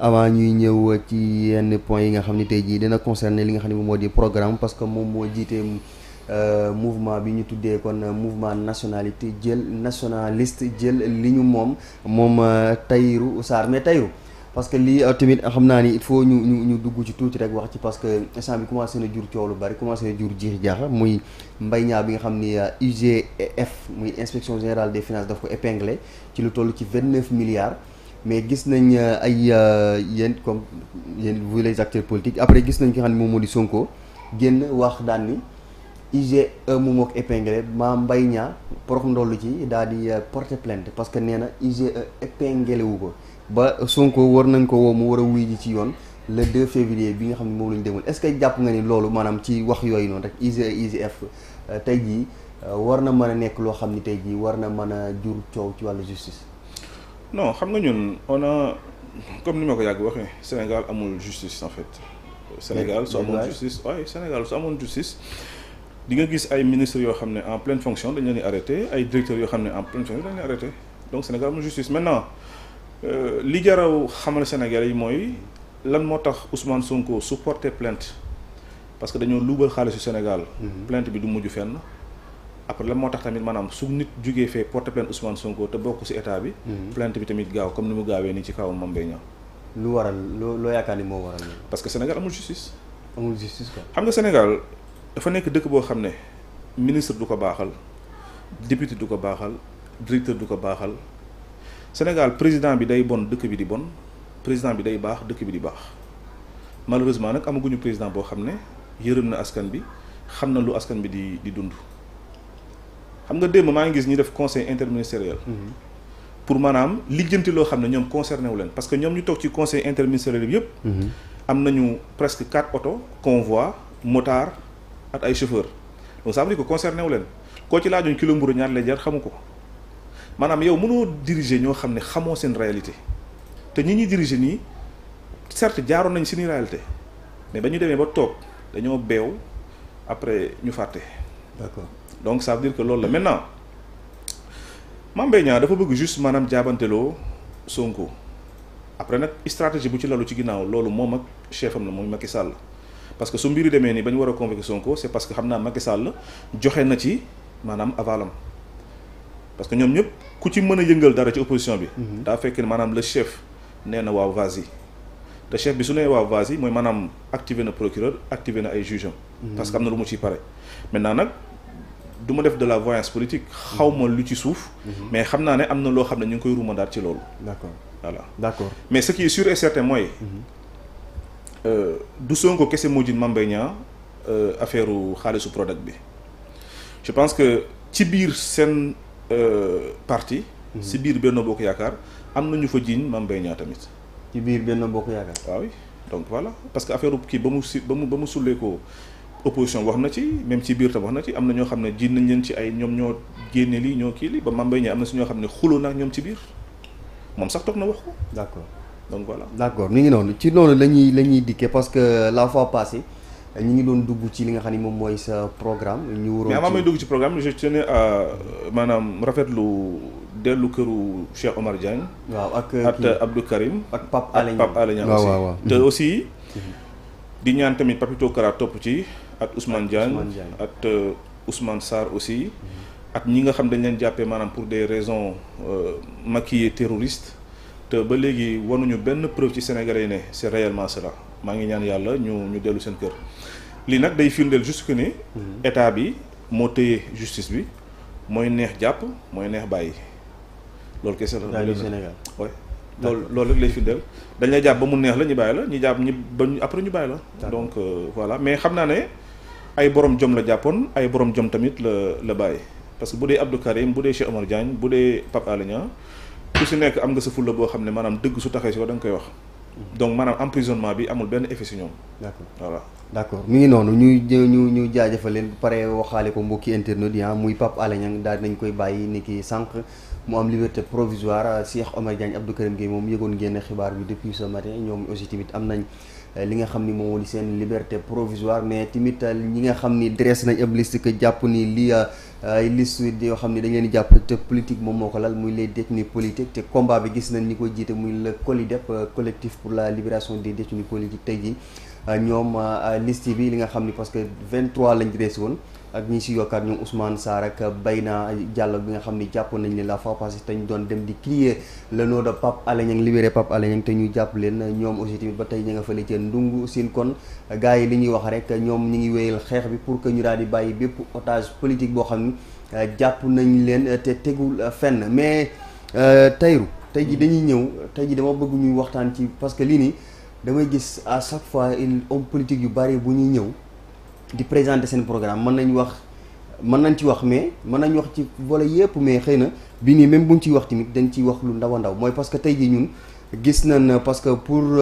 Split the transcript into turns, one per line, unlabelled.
avant ñuy ñëw ci yenn point yi nga xam ni tey jii dina concerner li nga xam ne moom moo di programme parce que moom moo jiitee euh, mouvement bi ñu tuddee kon euh, mouvement nationalité jël nationaliste jël li ñu moom moom euh, Tahirou Sarr mais Tahirou parce que lii tamit xam naa ni il faut ñu ñu ñu dugg ci tuuti rek wax ci parce que instant bi commencé na jur coow lu bari commencé na jur jiix jaaxa muy mbay ñaar bi nga xam ni IGF muy inspection générale des finances daf ko épinglé lu toll ci vingt neuf milliards. mais gis nañ euh, ay euh, yéen comme yéen vous les acteurs politiques après gis nañ ki xam ne moom moo di Sonko génn wax daan ni IGE euh, moom ak épinglé Mame Mbaye Niang porox ndollu ci daal di porter plainte parce que nee na IGE épinglé ko ba Sonko war nañ ko mu war a wuy ji ci yoon le 2 février bi nga xam ne moom la ñu demoon est-ce que jàpp nga ni loolu maanaam ci wax yooyu noonu rek IGE IGF tey jii war na mën a nekk loo xam ni tey jii war na
mën a jur coow ci wàllu justice non xam nga ñun on a comme ni ma ko yàgg waxee Sénégal amul justice en fait. Sénégal su amoon justice waaye Sénégal su amoon justice. di nga gis ay ministres yoo xam ne en pleine fonction dañu leen di arrêté ay directeurs yoo xam ne en pleine fonction dañu leen arrêté donc Sénégal amul justice maintenant euh, li jaraw xamal Sénégalais yi mooy lan moo tax Ousmane Sonko supporté plainte parce que dañoo luubal xaalisu Sénégal. Mhm. plainte bi du mujj fenn. après la moo tax tamit maanaam su nit jugee fee porte plainte Ousmane Sonko te bokk état bi. Mhm. plainte bi tamit gaaw comme ni mu gaawee ni ci kaw Mame Mbaye Niang. lu waral loo loo yaakaar ni moo waral. parce que Sénégal amul justice. amul justice quoi. xam nga Sénégal dafa nekk dëkk boo xam ne ministre du ko baaxal député du ko baaxal directeur du ko baaxal Sénégal président bi day bon dëkk bi di bon président bi day baax dëkk bi di baax malheureusement nag amaguñu président boo xam ne yërëm na askan bi xam na lu askan bi di di dund. xam nga démb maa ngi ñu def conseil interministériel. Mhm. pour maanaam lijjanti loo xam ne ñoom concerné wu leen parce que ñoom ñu toog ci conseil interministériel bi yëpp. Mhm. am nañu presque quatre oto convoi motard ak ay chauffeur donc ça veut dire que concerné wu leen koo ci laajoon kilo mburu ñaar lay jar xamu ko maanaam yow mënoo diriger ñoo xam ne xamoo seen réalité te ñi ñuy diriger nii certes jaaroon nañ suñuy réalité mais ba ñu demee ba toog dañoo beew après ñu fàtte. d'accord donc ça veut que lool la maintenant Mame Mbaye Niang dafa bëgg juste maanaam jaabanteloo Sonko après nag stratégie bu ci lalu ci ginnaaw loolu moom ak chef am na mooy Macky Sall parce que su mbiri demee nii ba war a convoquer Sonko c'est parce que xam naa Macky Sall joxe na ci maanaam avalam parce que ñoom ñëpp ku ci mën a yëngal dara ci opposition bi. Mhm. daa fekk maanaam le chef nee na waaw vas-y te chef bi su nee waaw vas-y mooy maanaam activer na procureur activer na ay juges am mhm. parce que am na lu mu ci pare maintenant nag. du ma def de la voyance politique xawma lu ci suuf mhm. mais xam naa ne am na loo xam ne ñu ngi koy ruumandaat ci loolu d'accord voilà d'accord mais ce qui est sûr et certain mooy mhm. euh, du Sonko kese moo jin Mame Mbaye euh, affaire xaalisu Prodac bi je pense que ci biir seen euh, parti si mhm. biir benn Bokk Yaakaar am nañu fa jiiñ Mame Mbaye tamit ci biir benn Bokk Yaakaar waaw ah donc voilà parce que affaire kii ba mu si ba mu ba mu sullee ko opposition wax na ci même ci biir tam wax na ci am na ñoo xam ne jiin nañ ci ay ñoom ñoo génne lii ñoo kii lii ba Mame Mbaye am na si ñoo xam ne xuloo na ak ñoom ci biir moom sax toog na wax ko. d'accord donc
ngi noonu ci loolu la ñuy la ñuy dikkee parce que la fois passée ñu ngi doon dugg ci li nga xam ne moom mooy sa programme. ñu waroon ci mais avant may
dugg ci programme je tenais à maanaam rafetlu dellu këru Cheikh Omar Diagne. waaw ak ak Abdou Karim. ak Pape Alé Niang ak Pape Alé te aussi di ñaan ak Ousmane Diagne ak euh, Ousmane Sarr aussi ak ñi nga xam dañ leen jàppee maanaam pour des raisons euh, maquillées terroristes te ba léegi wanuñu benn preuve ci Sénégalais yi ne c'est réellement la maa ngi ñaan yàlla ñu ñu dellu seen kër lii nag day firndeel juste que ne mhm. état bi moo téye justice bi mooy neex jàpp mooy neex bàyyi loolu kese la Sénégal oui loolu loolu rek lay firndeel dañ lay jàpp ba mu neex la ñu bàyyi la ñu jàpp ñu ba après ñu bàyyi la donc euh, voilà mais xam naa ne ay borom jom la jàppoon ay borom jom tamit la la bàyyi parce que bu dee Abdou Karim bu dee Cheikh Omar Diagne bu dee Pape Alé ku si nekk am nga sa fulla boo xam ne maanaam dëgg su taxee si ko da nga koy wax. Mhm. donc maanaam emprisonnement bi amul benn effet si ñoom. d'accord voilà. d'accord
mi ngi noonu ñuy ñu ñu jaajëfal leen bu paree waxaale ko mbokki internet yi ah, muy Pape Alé Niang daal nañ koy bàyyi ni ki sànq mu am liberté provisoire Cheikh Omar Diagne Abdou Karim Gueye yëgoon génn bi depuis Euh, li nga xam ni moom moo di seen liberté provisoire mais tamit euh, ñi nga xam ni dresse nañ ab liste que jàpp ni lii euh, ay liste yoo xam ni dañ leen di jàpp te politique moom moo ko lal muy les détenus politiques te combat bi gis nañ ni ko jiite muy le COLIDEP collectif pour la libération des détenus politiques tey jii Euh, ñoom euh, liste bi li nga xam ni parce que 23 lañ dressé woon ak ñi si yokkaat ñoom Ousmane Sarr ak Bayna Diallo bi nga xam ni jàpp nañ leen la fois passée te ñu doon dem di crier le nom de Pape Alé Niang libéré te ñu jàpp leen ñoom aussi ba tey ña nga fële ca Ndungu Sine kon gars yi li ñuy wax rek ñoom ñu ngi wéyal xeex bi pour que ñu daal di bàyyi bépp otage politique boo xam ni euh, jàpp nañ leen te tegul fenn mais Tahirou tey ji dañuy ñëw tey ji dama bëgg ñuy waxtaan ci parce que lii damay gis à chaque fois une homme politique yu bari bu ñuy ñëw di présente seen programme mën nañ wax mën nañ ci wax mais mën nañ wax ci volet yëpp mais xëy na
bi nii même buñ ciy wax tamit dañ ciy wax lu ndaw ndaw mooy parce que tey jii ñun gis nañ parce que pour.